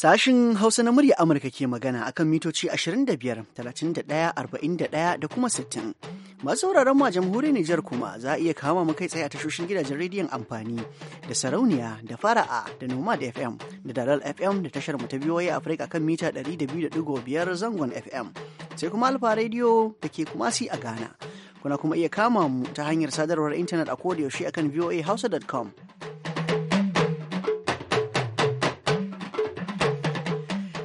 Sashin Hausa na murya Amurka ke magana akan mitoci 25, 31, 41 da kuma 60. Masu wuraren ma jamhuriyar Nijar kuma za a iya kama mu kai tsaye a tashoshin gidajen rediyon amfani da sarauniya da fara'a da Noma da FM da dalal FM da tashar mu ta biyoyi Afirka kan mita 200.5 zangon FM. Sai kuma Alfa Radio da ke kumasi a Ghana. Kuna kuma iya kama mu ta hanyar sadarwar intanet a kodiyoshi akan voahausa.com.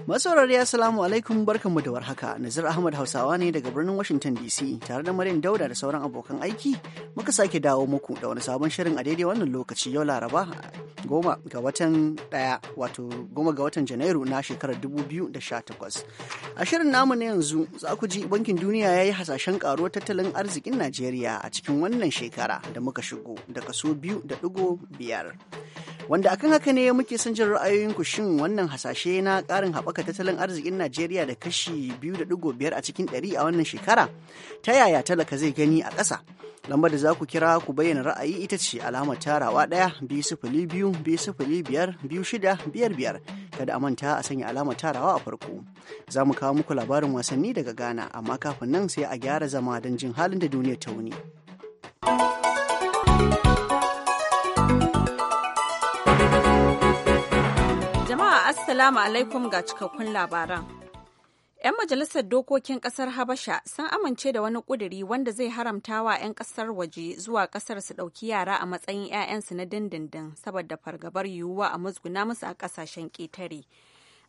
Masaurari Assalamu alaikum barkanmu da warhaka. Nazir Ahmad Hausawa ne daga birnin Washington DC tare da Maryam Dauda da sauran abokan aiki muka sake dawo muku da wani sabon shirin a daidai wannan lokaci yau Laraba goma ga watan daya wato goma ga watan Janairu na shekarar 2018. A shirin namu na yanzu za ku ji Bankin Duniya ya yi hasashen karuwar tattalin arzikin Najeriya a cikin wannan shekara da muka shigo da kaso biyu da biyar. wanda akan haka ne muke son jin ra'ayoyinku shin wannan hasashe na karin haɓaka tattalin arzikin Najeriya da kashi 2.5 a cikin 100 a wannan shekara ta yaya talaka zai gani a ƙasa lambar da za ku kira ku bayyana ra'ayi ita ce alamar tarawa ɗaya biyu sifili biyu biyu sifili biyar biyu shida biyar biyar kada a manta a sanya alamar tarawa a farko za mu kawo muku labarin wasanni daga Ghana amma kafin nan sai a gyara zama don jin halin da duniyar ta wuni. Assalamu alaikum ga cikakkun labaran. 'Yan majalisar dokokin kasar Habasha sun amince da wani ƙuduri wanda zai haramta wa 'yan kasar waje zuwa kasar su ɗauki yara a matsayin 'ya'yansu na dindindin saboda fargabar yiwuwa a musguna musu a ƙasashen ƙetare.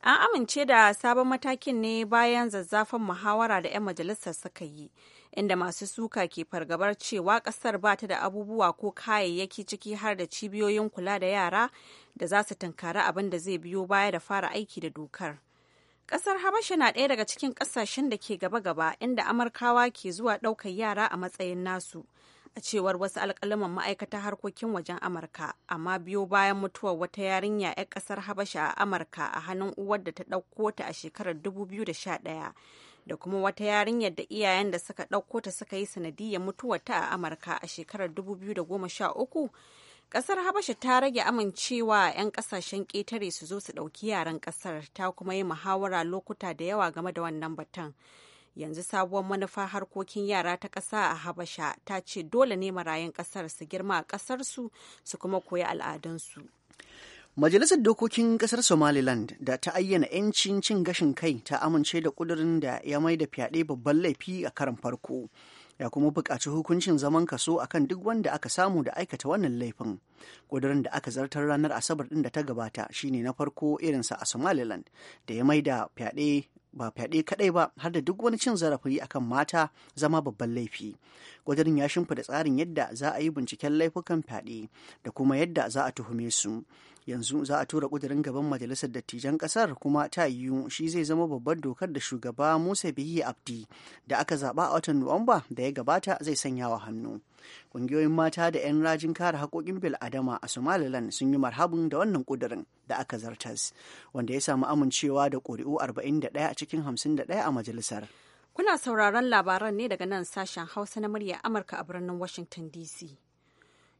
An amince da sabon matakin ne bayan zazzafan muhawara da 'yan majalisar suka yi. inda masu suka ke fargabar cewa kasar ba ta da abubuwa ko kayayyaki ciki har da cibiyoyin kula da yara da za su tunkari abin da zai biyo baya da fara aiki da dokar. Kasar Habasha na ɗaya daga cikin ƙasashen da ke gaba-gaba inda Amurkawa ke zuwa ɗaukar yara a matsayin nasu, a cewar wasu alƙalaman ma'aikatar harkokin wajen Amurka, amma biyo bayan mutuwar wata yarinya 'yar ƙasar Habasha a Amurka a hannun uwar da ta ɗauko ta a shekarar 2011. da kuma wata yarinyar da iyayen da suka ɗauko ta suka yi sanadiyar mutuwarta a amurka a shekarar 2013 ƙasar habasha ta rage amincewa 'yan ƙasashen ƙetare su zo su ɗauki yaran ƙasar ta kuma yi muhawara lokuta da yawa game da wannan batun yanzu sabuwar manufa harkokin yara ta ƙasa a habasha ta ce dole ne marayun ƙasar su girma a ƙasarsu su kuma koyi al'adunsu Majalisar Dokokin Ƙasar Somaliland da ta ayyana 'yancin cin gashin kai ta amince da ƙudurin da ya mai da fyaɗe babban laifi a karan farko, ya kuma buƙaci hukuncin zaman kaso a kan duk wanda aka samu da aikata wannan laifin. Ƙudurin da aka zartar ranar Asabar ɗin da ta gabata shine na farko irinsa a Somaliland da ya mai da fyaɗe ba fyaɗe kaɗai ba har da duk wani cin zarafi akan mata zama babban laifi ƙudurin ya shimfida tsarin yadda za a yi binciken laifukan fyaɗe da kuma yadda za a tuhume su yanzu za a tura kudirin gaban majalisar dattijan kasar kuma ta yiwu shi zai zama babbar dokar da shugaba musa bihi abdi da aka zaba a watan nuwamba da ya gabata zai sanya wa hannu ƙungiyoyin mata da 'yan rajin kare haƙoƙin bil adama a somaliland sun yi marhabin da wannan ƙudirin, da aka zartas wanda ya samu amincewa da ƙuri'u 41 a cikin 51 a majalisar kuna sauraron labaran ne daga nan sashen hausa na murya amurka a birnin washington dc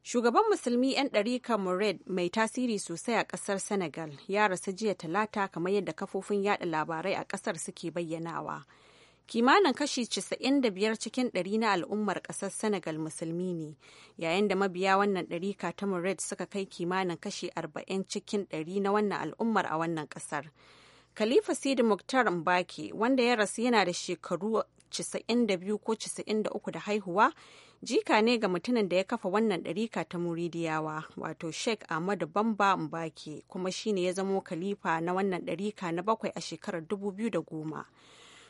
Shugaban Musulmi 'yan ɗarika Mured mai tasiri sosai a ƙasar Senegal ya rasu jiya talata kamar yadda kafofin yada labarai a ƙasar suke bayyanawa. Kimanin kashi 95 cikin ɗari na al'ummar ƙasar Senegal musulmi ne, yayin da mabiya wannan ɗarika ta Mured suka kai kimanin kashi 40 cikin ɗari na wannan al'ummar a wannan ƙasar. Khalifa Sidi Muktar Mbaki, wanda ya rasu yana da shekaru 92 ko 93 da haihuwa, jika ne ga mutumin da ya kafa wannan ɗarika ta muridiyawa wato sheik ahmadu bamba mbaki kuma shine ya zamo kalifa na wannan ɗarika na bakwai a shekarar 2010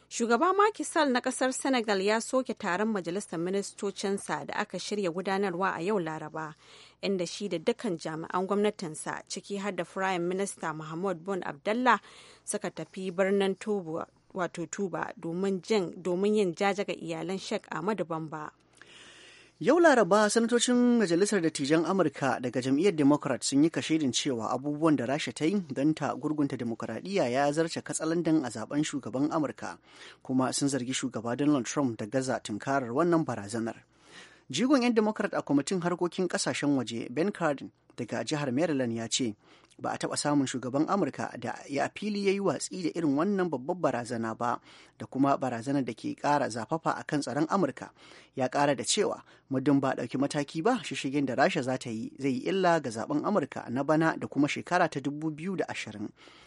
shugaba makisal na kasar Senegal ya soke taron majalisar ministocinsa da aka shirya gudanarwa a yau Laraba, inda shi da dukkan jami'an gwamnatinsa ciki har da Firayim Minista Mahmud Bun Abdallah suka tafi birnin Tuba wato Tuba domin yin jajaga iyalan sheik Ahmadu Bamba. Yau Laraba sanatocin Majalisar Dattijan Amurka daga jam'iyyar Democrat sun yi kashedin cewa abubuwan da Rasha ta yi don ta gurgunta demokuraɗiyya ya zarce katsalandan a zaben shugaban Amurka kuma sun zargi shugaba Donald Trump da gaza tunkarar wannan barazanar. Jigon 'yan Democrat a kwamitin harkokin ƙasashen waje Ben Cardin daga jihar Maryland ya ce ba a taɓa samun shugaban amurka da ya fili ya yi watsi da irin wannan babbar barazana ba da kuma barazanar da ke kara zafafa a kan tsaron amurka ya kara da cewa muddin ba ɗauki mataki ba shishigin da rasha za ta yi zai yi illa ga zaben amurka na bana da kuma shekara ta 2020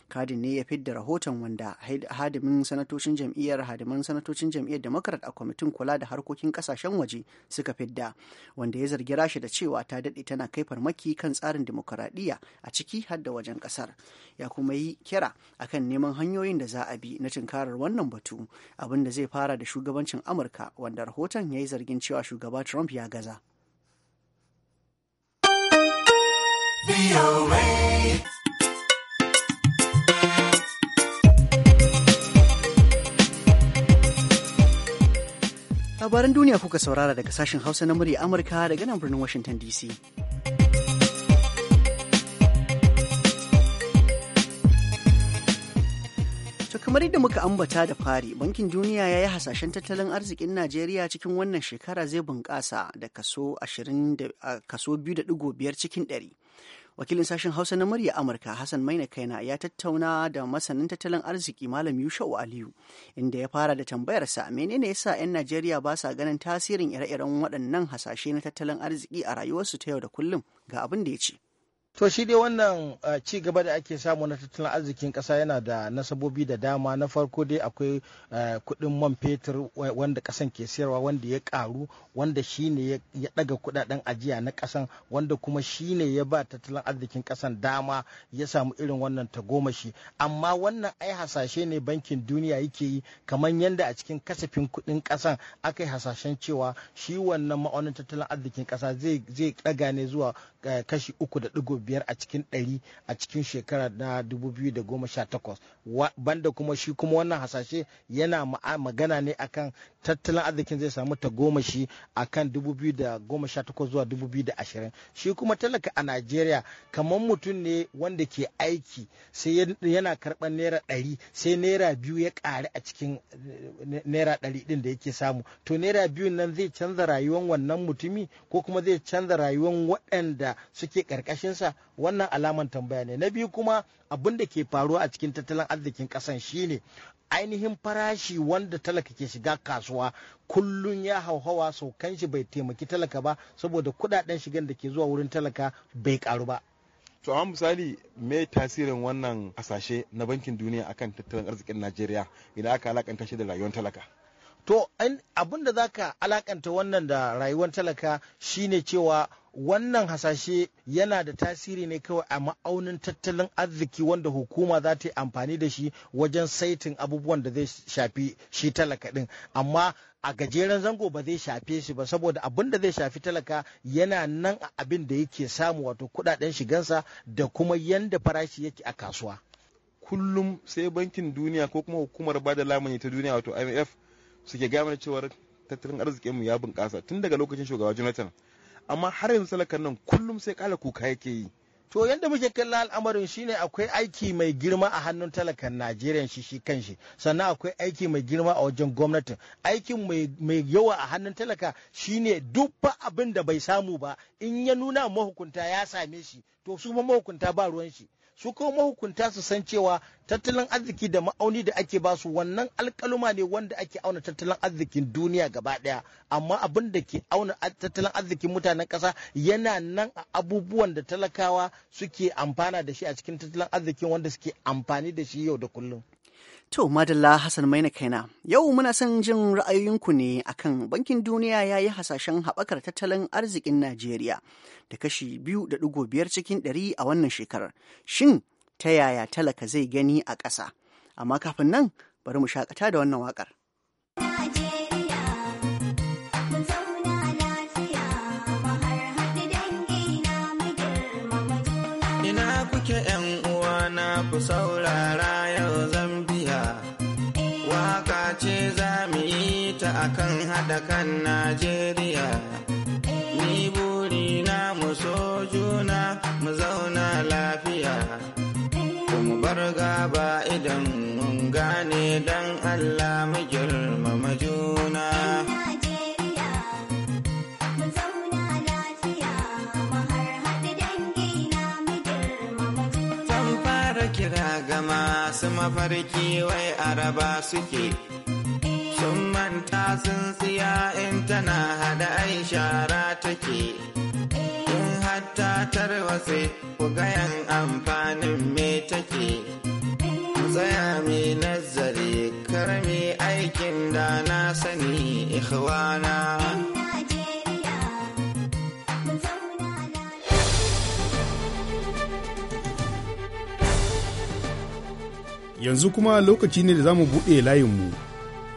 kadin ne ya fidda rahoton wanda hadimin sanatocin jam'iyyar hadiman sanatocin jam'iyyar democrat a kwamitin kula da harkokin kasashen waje suka fidda wanda ya zargi rasha da cewa ta daɗe tana kai farmaki kan tsarin demokuraɗiyya a ciki har da wajen ƙasar ya kuma yi kira akan neman hanyoyin da za a bi na tunkarar wannan batu abin da zai fara da shugabancin amurka wanda rahoton ya yi zargin cewa shugaba trump ya gaza. labaran duniya kuka saurara daga sashen Hausa na murya Amurka daga nan birnin Washington DC. To kamar yadda muka ambata da fari, Bankin Duniya ya yi hasashen tattalin arzikin Najeriya cikin wannan shekara zai bunƙasa da kaso 2.5 cikin 100. wakilin sashen hausa na murya amurka hassan maina kaina ya tattauna da masanin tattalin arziki malam yushau aliyu inda ya fara da tambayarsa menene ya sa 'yan najeriya ba sa ganin tasirin ire-iren waɗannan hasashe na tattalin arziki a rayuwarsu ta yau da kullum ga abin da ya ce to shi dai wannan uh, ci gaba da ake samu na tattalin arzikin kasa yana da nasabobi da dama na farko dai akwai uh, kudin man fetur wanda kasan ke sayarwa wanda ya karu wanda shi ne ya daga kudaden ajiya na kasan wanda kuma shi ne ya ba tattalin arzikin kasan dama ya samu irin wannan tagomashi amma wannan ai hasashe ne bankin duniya yake yi kamar yadda a cikin kasafin kuɗin kasan aka hasashen cewa shi wannan ma'aunin tattalin arzikin kasa zai daga ne zuwa kashi uku da digo biyar a cikin ɗari a cikin shekara na 2018 banda kuma shi kuma wannan hasashe yana magana ne akan tattalin arzikin zai samu ta goma shi a sha 2018 zuwa da 2020 shi kuma talaka a Nigeria kamar mutum ne wanda ke aiki sai yana karɓar naira ɗari sai naira biyu ya ƙare a cikin eh, naira ɗari ɗin da yake samu to naira biyu nan zai canza rayuwan wannan mutumi ko kuma zai canza rayuwar waɗanda da suke sa wannan alaman tambaya ne na biyu kuma abin da ke faruwa a cikin tattalin arzikin ƙasan shine ainihin farashi wanda talaka ke shiga kasuwa kullun ya hauhawa saukan shi bai taimaki talaka ba saboda kudaden shigan da ke zuwa wurin talaka bai karu ba to amma misali me tasirin wannan hasashe na bankin duniya akan tattalin arzikin najeriya idan aka alakanta shi da rayuwar talaka to abin da za ka alakanta wannan da rayuwar talaka shine cewa wannan hasashe yana da tasiri ne kawai a ma'aunin tattalin arziki wanda hukuma za ta yi amfani da shi wajen saitin abubuwan da zai shafi shi talaka din amma a gajeren zango ba zai shafe shi ba saboda abin da zai shafi talaka yana nan a abin da yake samu wato kudaden shigansa da kuma yanda farashi yake a kasuwa kullum sai bankin duniya ko kuma hukumar bada lamuni ta duniya wato IMF suke gaya mana cewar tattalin arzikin mu ya bunƙasa tun daga lokacin shugaba Jonathan amma har yanzu talakan nan kullum sai kala kuka yake yi to yadda muke kalla al'amarin shine akwai aiki mai girma a hannun talakan najeriya shi shi kanshi sannan akwai aiki mai girma a wajen gwamnatin aikin mai yawa a hannun talaka shine duk ba abin da bai samu ba in ya nuna mahukunta ya same shi to su ma mahukunta ba ruwan shi su kuma mahukunta su san cewa tattalin arziki da ma'auni da ake basu wannan alkaluma ne wanda ake auna tattalin arzikin duniya gaba daya amma abin da ke auna tattalin arzikin mutanen kasa yana nan a abubuwan da talakawa suke amfana da shi a cikin tattalin arzikin wanda suke amfani da shi yau da kullum To, Madalla Hassan Maina kaina, yau muna son jin ra'ayoyinku ne akan Bankin Duniya ya yi hasashen haɓakar tattalin arzikin Najeriya da kashi biyu da ɗigo biyar cikin ɗari a wannan shekarar. Shin ta yaya talaka zai gani a ƙasa? Amma kafin nan, bari mu shakata da wannan waƙar. Ina kuke 'yan uwana akan haɗa kan Najeriya. Ni burina mu so juna mu zauna lafiya. Mu bar gaba idan mun gane dan Allah mu girmama juna. Kira ga masu mafarki wai araba suke. sun manta sun siya in tana hada ai shara take in hatta tarwatse ku gayan amfanin me take tsaya mai nazari karmi aikin da na sani ikhwana. yanzu kuma lokaci ne da za mu buɗe layinmu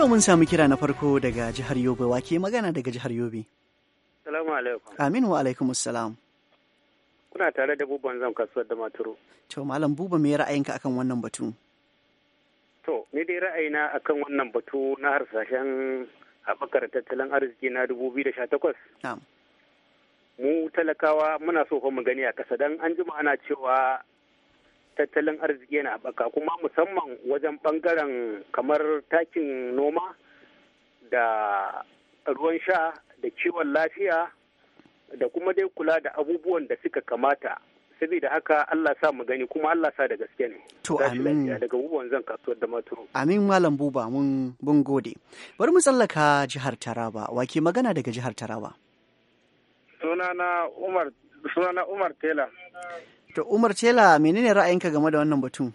To mun sami kira na farko daga jihar Yobe wake magana daga jihar Yobe. Salamu alaikum. Amin wa alaikum salam. Kuna tare da buban zan kasuwar da maturu. To malam buba me ra'ayinka akan wannan batu? To ni dai ra'ayina akan wannan batu na harsashen haɓakar tattalin arziki na 2018. Mu talakawa muna so mu gani a ƙasa don an jima ana cewa tattalin arziki yana baka, kuma musamman wajen ɓangaren kamar takin noma da ruwan sha da kiwon lafiya da kuma dai kula da abubuwan da suka kamata saboda haka Allah sa mu gani kuma Allah sa da gaske ne. To amin. Daga abubuwan zan kasuwar da maturu. Amin Malam Buba mun bun gode. Bari mu tsallaka jihar Taraba. Wake magana daga jihar Taraba. Sunana Umar sunana Umar Tela. To Umar Cela menene ra'ayinka game da wannan batun?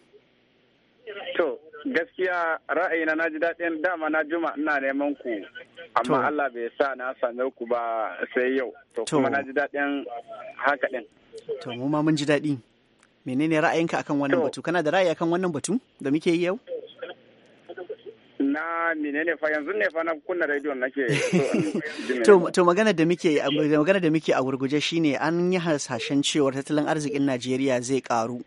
To gaskiya ra'ayina na ji daɗin dama na juma ina neman ku amma Allah bai sa na same ku ba sai yau to kuma na ji daɗin haka ɗin. To mu ma mun ji daɗi. Menene ra'ayinka akan wannan batu? Kana da ra'ayi akan wannan batu da muke yi yau? na menene fa yanzu ne fa na kunna radio nake to to magana da muke magana da muke a gurguje shine an yi hasashen cewar tattalin arzikin Najeriya zai karu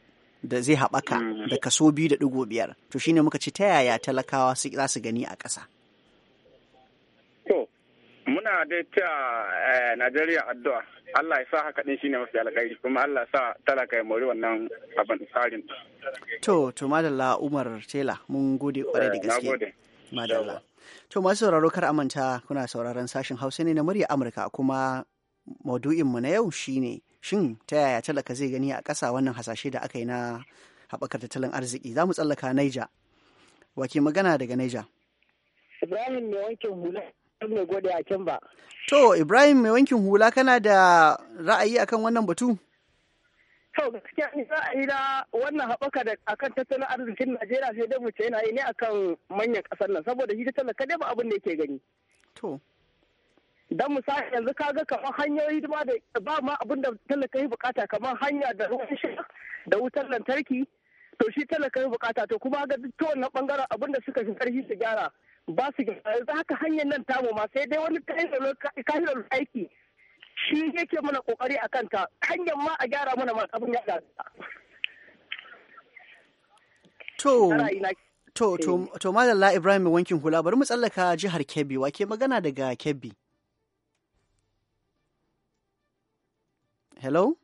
da zai haɓaka da mm-hmm. kaso biyu da ɗigo biyar to shine muka ce ta yaya talakawa za su gani a ƙasa to muna dai ta eh, Najeriya addu'a Allah ya sa haka din shine mafi alƙairi kuma Allah ya sa talaka ya mori wannan abin tsarin to to madalla Umar Tela mun gode kwarai da eh, gaske madalla to masu sauraro kar amanta kuna sauraron sashin hausa ne na murya amurka kuma maudu'inmu na yau shine shin ta yaya talaka zai gani a ƙasa wannan hasashe da aka yi na haɓakar tattalin arziki za mu tsallaka naija wake magana daga naija ibrahim mai wankin hula mai gode a ba to ibrahim mai wankin hula kana da ra'ayi akan wannan batu to gaskiya ni za a yi da wannan haɓaka da akan tattalin arzikin najeriya sai dai mu yana yi ne akan manyan ƙasar nan saboda shi tattalin kadai ba abin da yake gani to dan misali yanzu kaga kamar hanyoyi ma da ba ma abin da talaka yi bukata kamar hanya da ruwan sha da wutar lantarki to shi talaka yi bukata to kuma ga duk wannan bangaren abin da suka fi karfi su gyara ba su gyara yanzu haka hanyar nan tamu ma sai dai wani kayan aiki shi yake mana kokari a kanta hanyar ma a gyara mana masu abin ya To, to, eh. to, to Ibrahim mai wankin hula bari mu tsallaka jihar Kebbi wa magana daga Kebbi. Hello?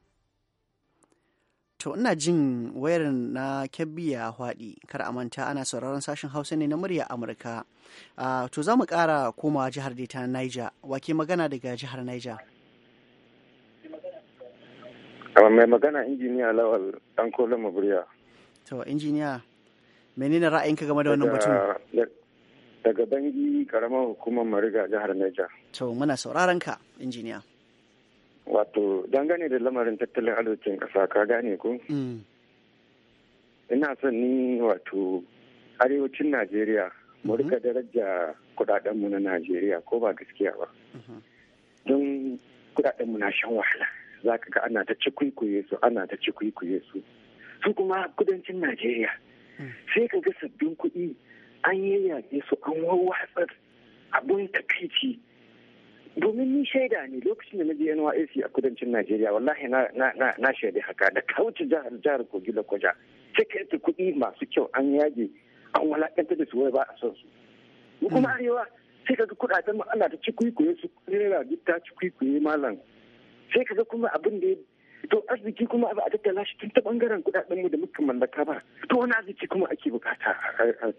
To, ina jin wayar na Kebbi ya haɗi, kar a manta ana sauraron sashen Hausa ne na murya Amurka. Uh, to, za mu ƙara komawa jihar Dita Niger, wake magana daga jihar Niger. mai magana injiniya lawal dan kolon maburiya to injiniya menene ra'ayinka game da wannan batun daga bangi karamar hukumar mariga jihar Niger. to muna sauraron ka injiniya wato dangane da lamarin tattalin arzikin ƙasa ka gane ku? Mm. ina son ni wato arewacin najeriya mu mm-hmm. rika daraja kudadenmu na najeriya ko ba gaskiya ba mm-hmm. don kudadenmu na shan wahala za ga ana ta cikwikwiye su ana ta cikwikwiye su su kuma kudancin najeriya hmm. sai ka ga sabbin kuɗi an yayyage su an wawwatsar abun takaici domin ni shaida ne lokacin da na je NYSC a kudancin Najeriya wallahi na na shaida haka da kauce jihar jihar Kogi da Koja cikin kuɗi masu kyau an yage an walakanta da su wai ba a son su kuma hmm. arewa sai kaga kuɗaɗen mu Allah ta ci kuikuye su rera duk ta ci kuikuye malam sai kaga kuma abin da to arziki kuma a tattala shi tun ta bangaren kudaden mu da muka mallaka ba to wani arziki kuma ake bukata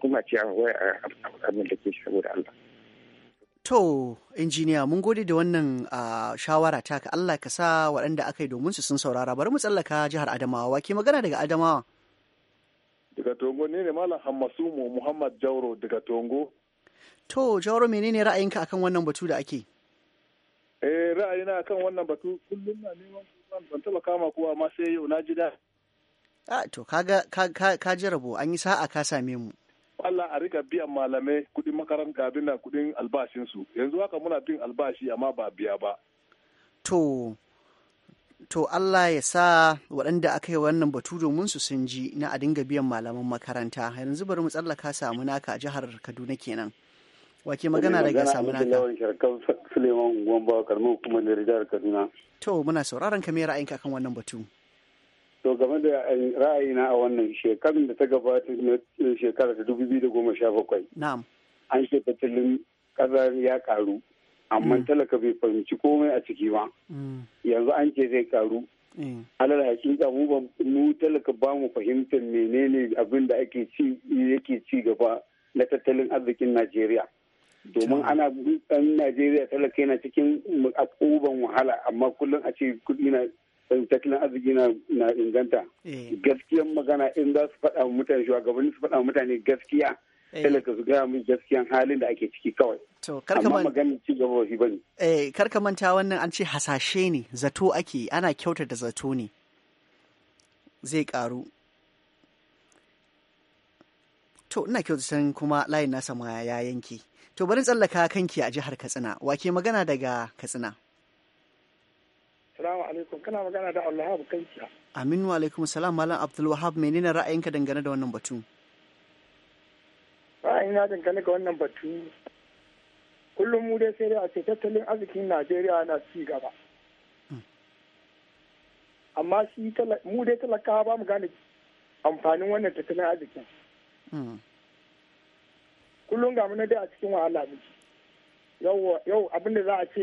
kuma ce abin da ke saboda Allah To, injiniya mun gode da wannan shawara taka Allah ka sa waɗanda aka yi domin su sun saurara bari mu tsallaka jihar Adamawa ke magana daga Adamawa. Daga Tongo ne ne Malam Hammasumu Muhammad Jauro daga Tongo. To, Jauro menene ra'ayinka akan wannan batu da ake? eh ra'ayina kan wannan batu kullum na neman ban taba kama kowa ma sai yau na ji da a ah, to kaga ka ji rabo an yi sa'a ka same mu Allah a rika biyan malamai kuɗin makaranta abin kudin kuɗin albashinsu yanzu haka muna bin albashi amma ba biya ba to to Allah ya sa waɗanda aka yi wannan batu domin su sun ji na a dinga biyan malaman makaranta yanzu bari mu tsallaka samu naka a jihar Kaduna kenan Wake magana daga Samuna ka. Lawan To muna sauraron ka me ra'ayinka kan wannan batu? To game da ra'ayina a wannan shekarun da ta gabata na shekara ta dubu biyu da goma sha bakwai. Na'am. An ce fitilin ƙasar ya karu. Amma mm. talaka bai fahimci komai a ciki ba. Mm. Yanzu an ce zai karu. Eh. alal hakika mu mu talaka ba mu fahimtar menene abin da ake ci yake ci gaba na tattalin arzikin Najeriya. domin ana dan najeriya talaka yana cikin abubuwan wahala amma kullum a ce kudi na tattalin arziki na inganta eh. gaskiyan magana in za su faɗa mutane shugabanni su faɗa mutane gaskiya eh. talaka su gaya min gaskiyan halin da ake ciki kawai to amma maganin ci gaba shi ba ne eh, karka manta wannan an ce hasashe ne zato ake ana da zato ne zai karu to ina kyautatan kuma layin nasa ma ya yanke To bari tsallaka kanki a jihar Katsina, wake magana daga Katsina. Salamu alaikum, kana magana da Allah kankiya. Aminu alaikum salam Malam Abdulwahab menene ra'ayinka dangane da wannan batu? Ra'ayina dangane ga wannan batu kullum mu dai sai dai a ce tattalin arzikin Najeriya na ci gaba. Hmm. Amma shi mu dai talaka ba mu gane amfanin wannan tattalin arzikin. Hmm. kullum ga muna dai a cikin wahala muke yau abin da za a ce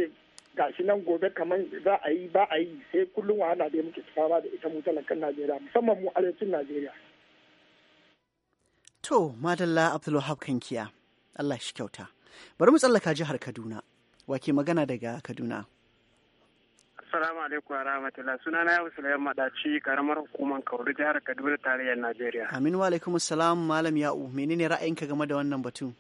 gashi nan gobe kamar za a yi ba a yi sai kullum wahala dai muke fama da ita mu talakan najeriya musamman mu arewacin najeriya to madalla abdulwahab kankiya allah shi kyauta bari mu tsallaka jihar kaduna wake magana daga kaduna Assalamu alaikum wa Suna na yau Sulayyan Madaci, karamar hukumar kauri jihar Kaduna tarayyar Najeriya. Amin wa alaikum assalam Malam Ya'u. Menene ra'ayinka game da wannan batu?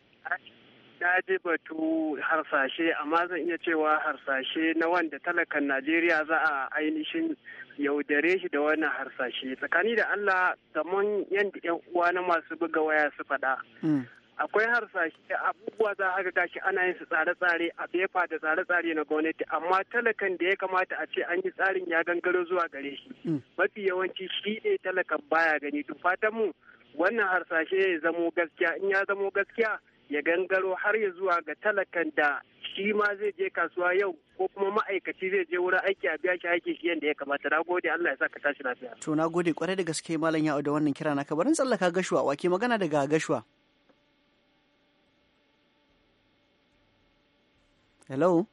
Na ji batu harsashe amma zan iya cewa harsashe na wanda talakan Najeriya za a ainihin yaudare shi da wannan harsashe. Tsakani da Allah kamar yadda 'yan uwa na masu buga waya su faɗa. Mm. akwai harsashe abubuwa za a ga shi ana yin su tsare-tsare a fefa da tsare-tsare na gwamnati amma talakan da ya kamata a ce an yi tsarin ya gangaro zuwa gare shi mm. mafi yawanci shi ne talakan baya gani to fatan mu wannan harsashe ya zamo gaskiya in ya zamo gaskiya ya gangaro har ya zuwa ga talakan da shi ma zai je kasuwa yau ko kuma ma'aikaci zai je wurin aiki a biya shi aiki shi yadda ya kamata na gode Allah ya sa tashi lafiya to na gode kwarai da gaske malam ya'u da wannan kira na ka barin tsallaka gashuwa wake magana daga gashuwa hello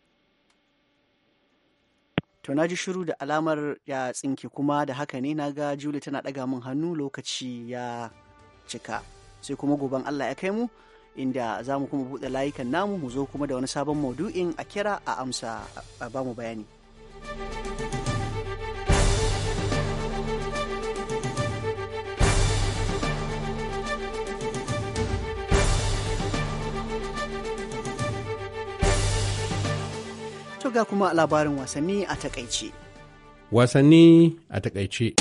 to na ji shiru da alamar ya tsinke kuma da haka ne na ga juli tana ɗaga min hannu lokaci ya cika sai kuma goben allah ya kai mu inda za mu kuma buɗe layukan namu mu zo kuma da wani sabon maudu'in a kira a amsa a bamu bayani. ga kuma labarin wasanni a takaice. Wasanni a takaice.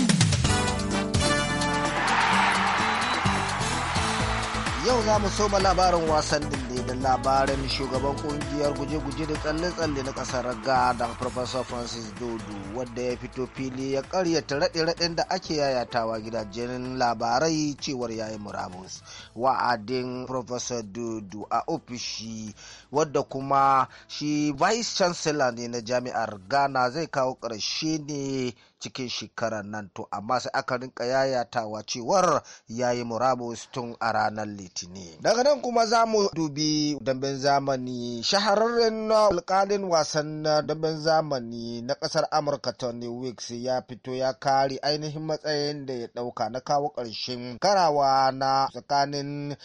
Yau za mu soma labarin wasannin da labarin shugaban kungiyar guje-guje da tsalle-tsalle na kasar Ghana Professor Francis Dodo wadda ya fito fili ya karyata raɗe-raɗen da ake yayatawa gidajen labarai cewar yayi murabus. Wa'adin Professor Dodo a ofishi wadda kuma shi Vice Chancellor ne na jami'ar Ghana zai kawo ƙarshe ne cikin shekarar nan to amma sai aka rinka yayatawa cewar yayi murabus tun a ranar litinin daga nan kuma za mu dubi damben zamani shahararren alkalin wasan damben zamani na kasar amurka tony wicks ya fito ya kare ainihin matsayin da ya dauka na kawo karshen karawa na tsakanin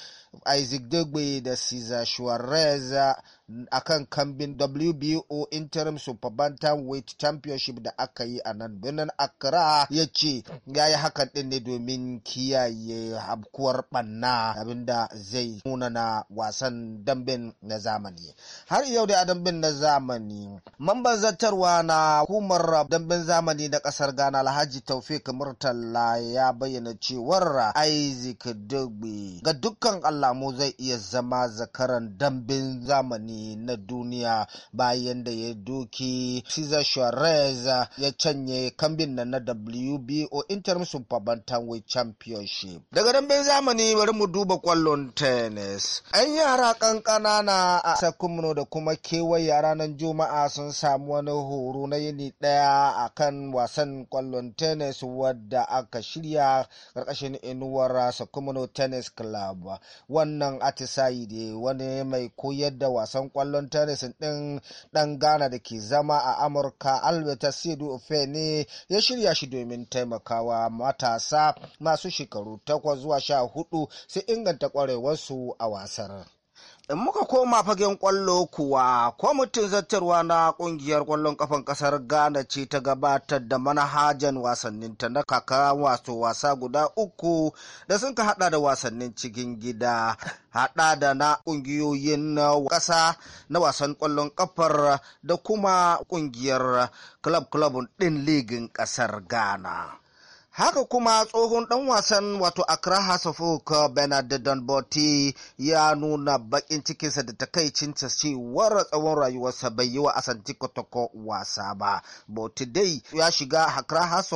isaac dogbe da cesar suarez akan kambin WBO Interim Superbantam Weight Championship da aka yi a nan birnin Accra ya ce ya yi hakan din ne domin kiyaye habkuwar banna abinda zai nuna na wasan dambin na zamani. Har yau da dambin na zamani, mamban zartarwa na hukumar dambin zamani na kasar Ghana Alhaji Taufik Murtala ya bayyana cewar Isaac Dugbe ga dukkan alamu zai iya zama zakaran dambin zamani rami na duniya bayan da ya doki Cesar Suarez ya canye kambin na na WBO Inter Super Bantamweight Championship. Daga dambe zamani bari mu duba kwallon tennis. An yara kankana na a Sakumno da kuma kewaye a ranar Juma'a sun samu wani horo na yini daya a kan wasan kwallon tennis wadda aka shirya karkashin inuwar Sakumno Tennis Club. Wannan atisayi da wani mai koyar da wasan dan kwallon tennis din dan Ghana da ke zama a Amurka Albert Sidu Ofe ne ya shirya shi domin taimakawa matasa masu shekaru takwas zuwa sha hudu su inganta kwarewarsu a wasar. In muka koma fagen kwallo kuwa kwamitin zartarwa na kungiyar kwallon kafan kasar Ghana ce ta gabatar da manhajan wasanninta na kaka wato wasa guda uku da sun ka hada da wasannin cikin gida hada da na kungiyoyin kasa na wasan kwallon kafar da kuma kungiyar club club din ligin kasar Ghana. Haka kuma tsohon ɗan wasan wato Accra House uh, Bernard ya nuna baƙin cikinsa da takaicinsa cewar tsawon rayuwarsa bai yi wa Asante wasa ba. bauti dai ya shiga Accra House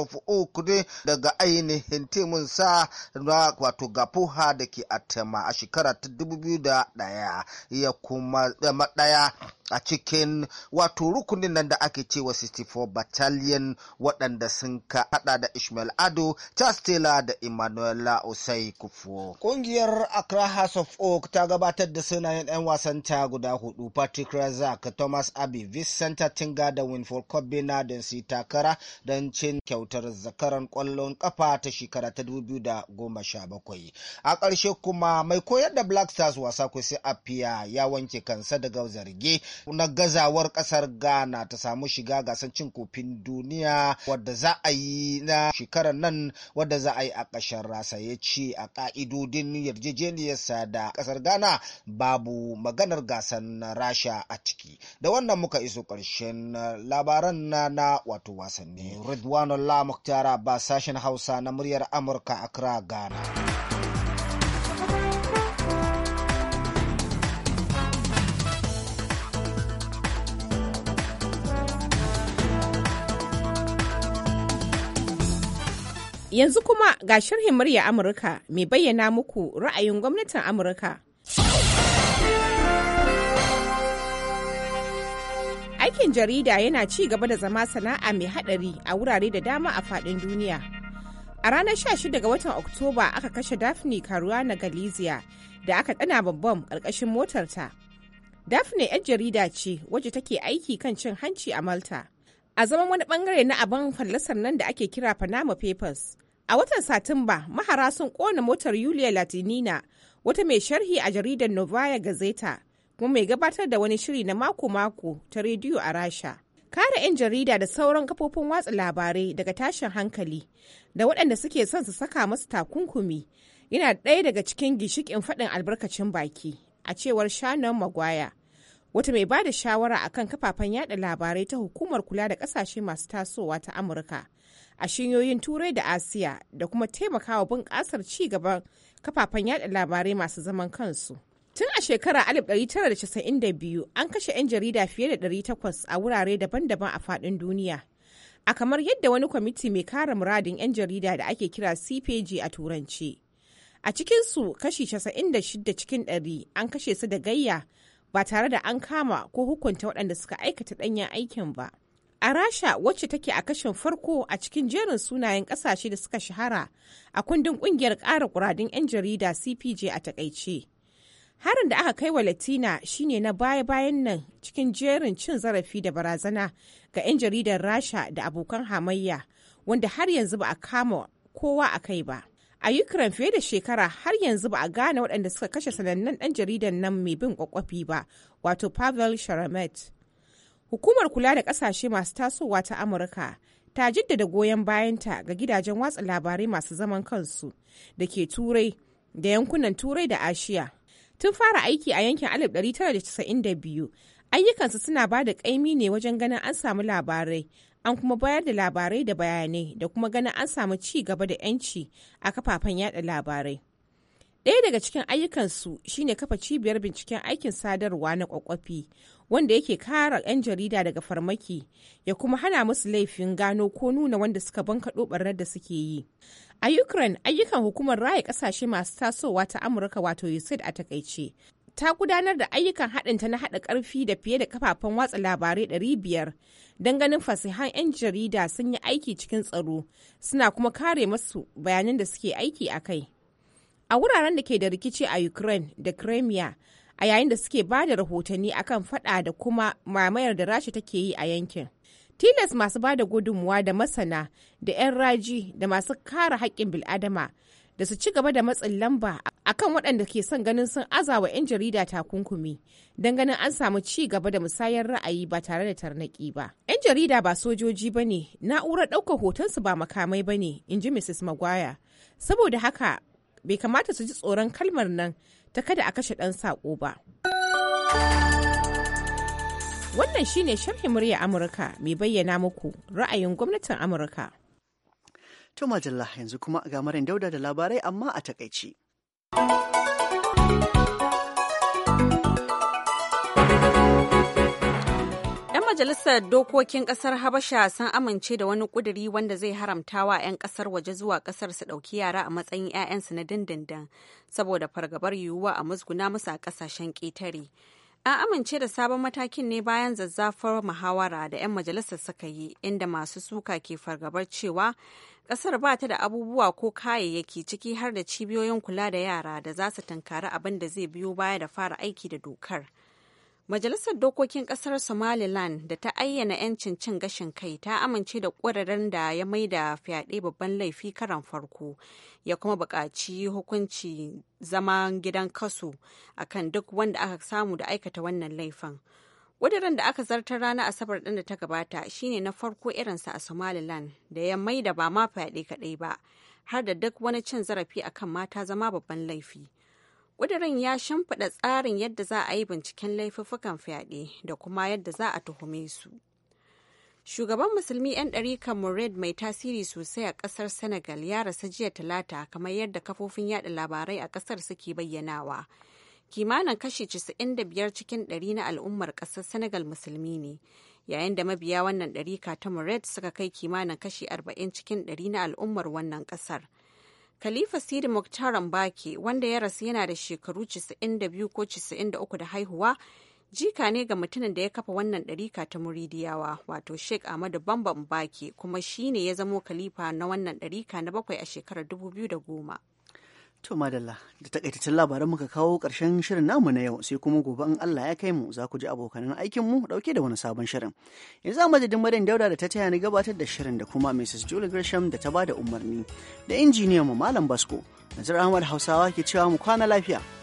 ne daga ainihin sa na wato Gapuha da ke a shekara ta 2001 ya kuma ɗaya a cikin wato rukunin nan da ake cewa 64 battalion waɗanda sun ka hada da Ishmael Ado, taylor da emmanuel usai kufo Ƙungiyar Accra House of Oak ta gabatar da sunayen 'yan wasan ta guda hudu Patrick Razak, Thomas Abbey, vicenta Tinga da Winford Kobina don su takara don cin kyautar zakaran kwallon kafa ta shekara ta 2017. A ƙarshe kuma mai koyar da Black Stars wasa kusi Apia ya wanke kansa daga zarge na gazawar ƙasar Ghana ta samu shiga gasar cin kofin duniya wadda za a yi na shekarar nan wadda za a yi a ƙasar rasa ya ce a ƙa'idodin yarjejeniyarsa da ƙasar Ghana babu maganar gasar Rasha a ciki. Da wannan muka iso ƙarshen labaran na na wato wasanni. Ridwanullah Muktara ba sashen Hausa na muryar Amurka a Accra, Ghana. Yanzu kuma ga sharhin murya Amurka mai bayyana muku ra'ayin gwamnatin Amurka. Aikin jarida yana ci gaba da zama sana'a mai haɗari a wurare da dama a faɗin duniya. A ranar 16 ga watan Oktoba aka kashe Daphne na Galizia da aka tsana babban ƙarƙashin motarta. Daphne 'yan jarida ce wacce take aiki kan cin hanci a Malta. a zaman wani bangare na abin fallasar nan da ake kira Panama Papers. A watan Satumba, mahara sun kona motar Yulia Latinina, wata mai sharhi a jaridar Novaya Gazeta, kuma mai gabatar da wani shiri na mako-mako ta rediyo a Rasha. Kare 'yan jarida da sauran kafofin watsa labarai daga tashin hankali da waɗanda suke son su saka masu takunkumi yana ɗaya daga cikin gishikin faɗin albarkacin baki, a cewar Shanon magwaya wata mai bada shawara akan kafafen yada labarai ta hukumar kula da kasashe masu tasowa ta amurka a shinyoyin turai da asiya da kuma taimakawa bunƙasar ci gaban kafafen yada labarai masu zaman kansu tun a shekara 1992 an kashe 'yan jarida fiye da 800 a wurare daban-daban a faɗin duniya a kamar yadda wani kwamiti mai kare muradin 'yan jarida da ake kira cpg a turanci a cikinsu kashi 96 cikin 100 an kashe su da gayya ba tare da an kama ko hukunta waɗanda suka aikata ɗanyen aikin ba. A Rasha wacce take a kashin farko a cikin jerin sunayen ƙasashe da suka shahara a kundin ƙungiyar ƙara ƙuradun 'yan jarida CPJ a takaice. Harin da aka kai wa Latina shine na baya-bayan nan cikin jerin cin zarafi da barazana ga 'yan jaridar Rasha da abokan hamayya wanda har yanzu ba a kama kowa a kai ba. a ukraine fiye da shekara har yanzu ba a gane waɗanda suka kashe sanannen ɗan jaridan nan mai bin kwakwafi ba wato pavel sharamet hukumar kula da ƙasashe masu tasowa ta amurka ta jaddada goyon bayanta ga gidajen watsa labarai masu zaman kansu da ke turai da yankunan turai da ashiya tun fara aiki a yankin 1992 ayyukansu suna ba da ƙaimi ne wajen ganin an samu labarai an kuma bayar da labarai da bayanai da kuma ganin an samu ci gaba da 'yanci a kafafen yada labarai. Ɗaya daga cikin ayyukansu shine kafa cibiyar binciken aikin sadarwa na kwakwafi wanda yake kara 'yan jarida daga farmaki ya kuma hana musu laifin gano ko nuna wanda suka banka ɓarnar da suke yi. A Ukraine ayyukan hukumar raya ƙasashe masu tasowa ta Amurka wato USAID a takaice ta gudanar da ayyukan haɗinta na haɗa ƙarfi da fiye da kafafen watsa labarai 500 don ganin fasihan 'yan jarida sun yi aiki cikin tsaro suna kuma kare masu bayanan da suke aiki a kai. A wuraren da ke da rikici a Ukraine da Crimea a yayin da suke ba da rahotanni akan faɗa da kuma mamayar da Rasha take yi a yankin. Tilas masu ba da gudunmuwa da masana da 'yan raji da masu kare haƙƙin bil'adama da su ci gaba da matsin lamba akan waɗanda ke son ganin sun azawa 'yan jarida takunkumi don ganin an samu ci gaba da musayar ra'ayi ba tare da tarnaki ba. 'Yan jarida ba sojoji ba ne, na'urar ɗaukar hotonsu ba makamai ba ne, in ji Mrs. Maguire. Saboda haka bai kamata su ji tsoron kalmar nan ta kada a kashe ɗan saƙo ba. Wannan shine sharhin murya Amurka mai bayyana muku ra'ayin gwamnatin Amurka. To yanzu kuma ga marin dauda da labarai amma a takaici. 'Yan majalisar dokokin kasar Habasha sun amince da wani kuduri wanda zai haramta wa 'yan kasar waje zuwa kasar su ɗauki yara a matsayin 'ya'yansu na dindindin saboda fargabar yiwuwa a musguna musu a ƙasashen ƙetare. An amince da sabon matakin ne bayan zazzafar muhawara da 'yan majalisar suka yi, inda masu suka ke fargabar cewa ƙasar ba ta da abubuwa ko kayayyaki ciki har da cibiyoyin kula da yara da za su tunkari abin da zai biyo baya da fara aiki da dokar. Majalisar Dokokin Ƙasar Somaliland da ta ayyana 'yancin cin gashin kai ta amince da ƙwararren da ya maida fyaɗe babban laifi karan farko ya kuma buƙaci hukunci zaman gidan kaso akan duk wanda aka samu da aikata wannan laifin. Ƙudurin da aka zartar ranar Asabar ɗin da ta gabata shine na farko irinsa a Somaliland da ya maida ba ma fyaɗe kaɗai ba, har da duk wani cin zarafi akan mata zama babban laifi. ƙudurin ya shimfiɗa tsarin yadda za a yi binciken laifuffukan fyaɗe da kuma yadda za a tuhume su shugaban musulmi 'yan ɗarika murid mai tasiri sosai a ƙasar senegal ya rasa jiya talata kamar yadda kafofin yaɗa labarai a ƙasar suke bayyanawa kimanin kashi da biyar cikin 100 na al'ummar ƙasar senegal musulmi ne yayin da mabiya wannan ɗarika ta murid suka kai kimanin kashi arba'in cikin 100 na al'ummar wannan ƙasar. Khalifa Sidi Muktar Mbaki wanda ya rasu yana da shekaru 92 ko 93 da haihuwa jika ne ga mutumin da ya kafa wannan ɗarika ta muridiyawa wato Sheikh Ahmadu Bamba Baki, kuma shi ne ya zamo khalifa na wannan ɗarika na bakwai a shekarar 2010. To madalla da takaitaccen labaran muka kawo ƙarshen shirin namu na yau sai kuma gobe in Allah ya kai mu za ku ji abokanan aikin mu dauke da wani sabon shirin. Yanzu a madadin Maryam Dauda da ta taya ni gabatar da shirin da kuma Mrs. Julie Gresham da ta bada umarni da injiniyan mu Malam Basko. Nazar Ahmad Hausawa ke cewa mu kwana lafiya.